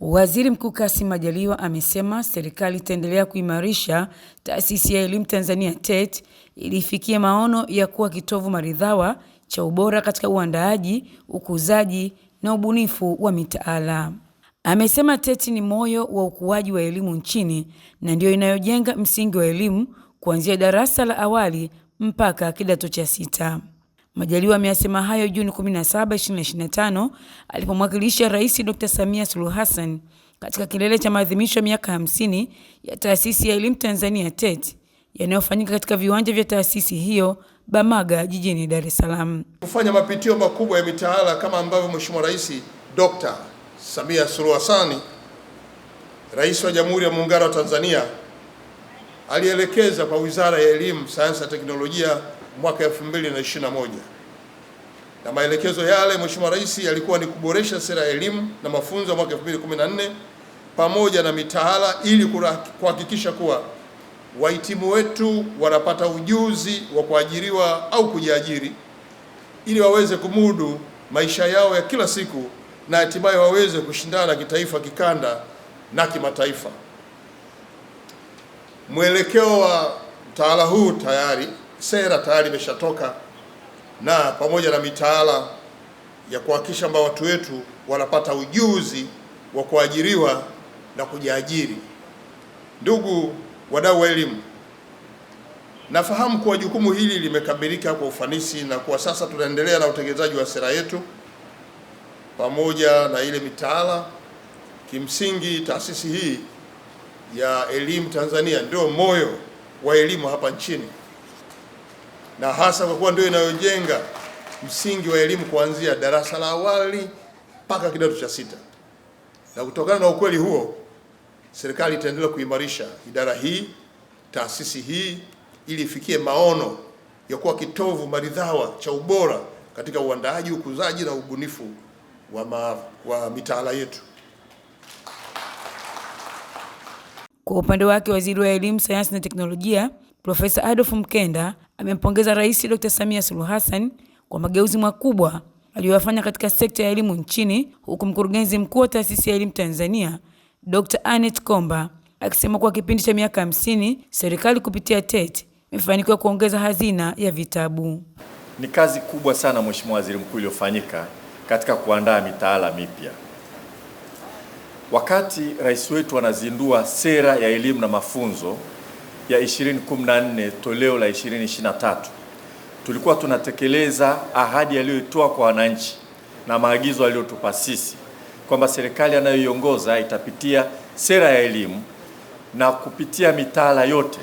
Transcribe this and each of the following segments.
Waziri Mkuu Kassim Majaliwa amesema serikali itaendelea kuimarisha taasisi ya elimu Tanzania TET ili ifikie maono ya kuwa kitovu maridhawa cha ubora katika uandaaji, ukuzaji na ubunifu wa mitaala. Amesema TET ni moyo wa ukuaji wa elimu nchini na ndiyo inayojenga msingi wa elimu kuanzia darasa la awali mpaka kidato cha sita. Majaliwa ameyasema hayo Juni 17, 2025 alipomwakilisha Rais Dr. Samia Suluhu Hassan katika kilele cha maadhimisho ya miaka 50 ya Taasisi ya Elimu Tanzania TET e yanayofanyika katika viwanja vya taasisi hiyo Bamaga jijini Dar es Salaam. Kufanya mapitio makubwa ya mitaala kama ambavyo Mheshimiwa Rais Dr. Samia Suluhu Hassan Rais wa Jamhuri ya Muungano wa Tanzania alielekeza kwa Wizara ya Elimu, Sayansi na Teknolojia mwaka 2021 na maelekezo yale Mheshimiwa Rais yalikuwa ni kuboresha sera ya elimu na mafunzo ya mwaka 2014 pamoja na mitaala ili kuhakikisha kuwa wahitimu wetu wanapata ujuzi wa kuajiriwa au kujiajiri ili waweze kumudu maisha yao ya kila siku na hatimaye waweze kushindana kitaifa, kikanda na kimataifa. Mwelekeo wa mtaala huu tayari sera tayari imeshatoka na pamoja na mitaala ya kuhakikisha kwamba watu wetu wanapata ujuzi wa kuajiriwa na kujiajiri. Ndugu wadau wa elimu, nafahamu kuwa jukumu hili limekamilika kwa ufanisi na kwa sasa tunaendelea na utekelezaji wa sera yetu pamoja na ile mitaala. Kimsingi, taasisi hii ya elimu Tanzania ndio moyo wa elimu hapa nchini na hasa kwa kuwa ndio inayojenga msingi wa elimu kuanzia darasa la awali mpaka kidato cha sita. Na kutokana na ukweli huo, serikali itaendelea kuimarisha idara hii, taasisi hii ili ifikie maono ya kuwa kitovu maridhawa cha ubora katika uandaaji, ukuzaji na ubunifu wa, ma, wa mitaala yetu. Kwa upande wake, Waziri wa Elimu, Sayansi na Teknolojia Profesa Adolf Mkenda amempongeza Rais Dr. Samia Suluhu Hassan kwa mageuzi makubwa aliyoyafanya katika sekta ya elimu nchini, huku mkurugenzi mkuu wa Taasisi ya Elimu Tanzania Dr. Annette Komba akisema kuwa kipindi cha miaka hamsini serikali kupitia TET imefanikiwa kuongeza hazina ya vitabu. Ni kazi kubwa sana Mheshimiwa Waziri Mkuu iliyofanyika katika kuandaa mitaala mipya. Wakati rais wetu anazindua sera ya elimu na mafunzo ya 2014 toleo la 2023 tulikuwa tunatekeleza ahadi aliyoitoa kwa wananchi na maagizo aliyotupa sisi kwamba serikali anayoiongoza itapitia sera ya elimu na kupitia mitaala yote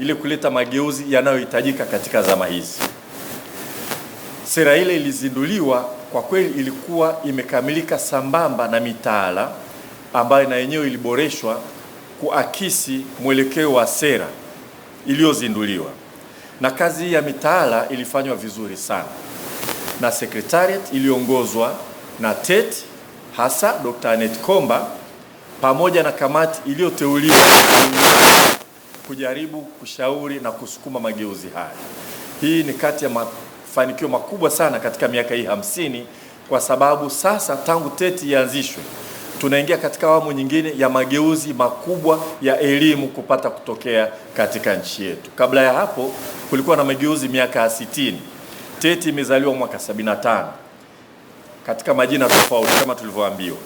ili kuleta mageuzi yanayohitajika katika zama hizi. Sera ile ilizinduliwa, kwa kweli ilikuwa imekamilika sambamba na mitaala ambayo na yenyewe iliboreshwa kuakisi mwelekeo wa sera iliyozinduliwa, na kazi ya mitaala ilifanywa vizuri sana na secretariat iliongozwa na TET hasa Dr. Anet Komba pamoja na kamati iliyoteuliwa kujaribu kushauri na kusukuma mageuzi haya. Hii ni kati ya mafanikio makubwa sana katika miaka hii hamsini kwa sababu sasa tangu TET ianzishwe tunaingia katika awamu nyingine ya mageuzi makubwa ya elimu kupata kutokea katika nchi yetu. Kabla ya hapo kulikuwa na mageuzi miaka ya 60 Teti imezaliwa mwaka 75 katika majina tofauti kama tulivyoambiwa,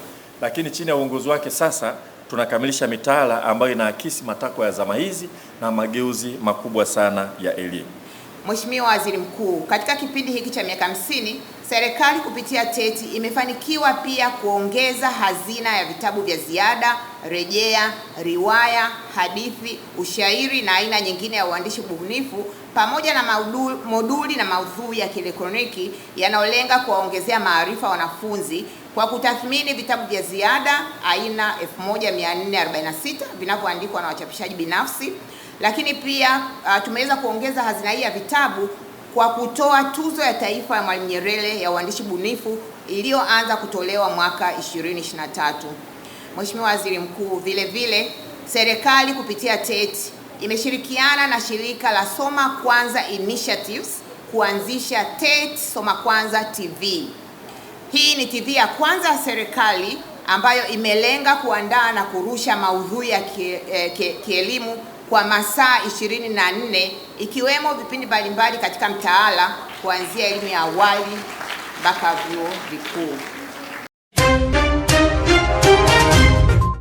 lakini chini ya uongozi wake sasa tunakamilisha mitaala ambayo inaakisi matakwa ya zama hizi na mageuzi makubwa sana ya elimu. Mheshimiwa Waziri Mkuu, katika kipindi hiki cha miaka hamsini Serikali kupitia TETI imefanikiwa pia kuongeza hazina ya vitabu vya ziada, rejea, riwaya, hadithi, ushairi na aina nyingine ya uandishi bunifu pamoja na mauduli, moduli na maudhui ya kielektroniki yanayolenga kuwaongezea maarifa wanafunzi kwa kutathmini vitabu vya ziada aina 1446 vinavyoandikwa na wachapishaji binafsi. Lakini pia uh, tumeweza kuongeza hazina hii ya vitabu kwa kutoa tuzo ya taifa ya Mwalimu Nyerere ya uandishi bunifu iliyoanza kutolewa mwaka 2023. Mheshimiwa Waziri Mkuu, vile vile serikali kupitia TET imeshirikiana na shirika la Soma Kwanza Initiatives kuanzisha TET Soma Kwanza TV. Hii ni TV ya kwanza ya serikali ambayo imelenga kuandaa na kurusha maudhui ya eh, kielimu kwa masaa 24 ikiwemo vipindi mbalimbali katika mtaala kuanzia elimu ya awali mpaka vyuo vikuu.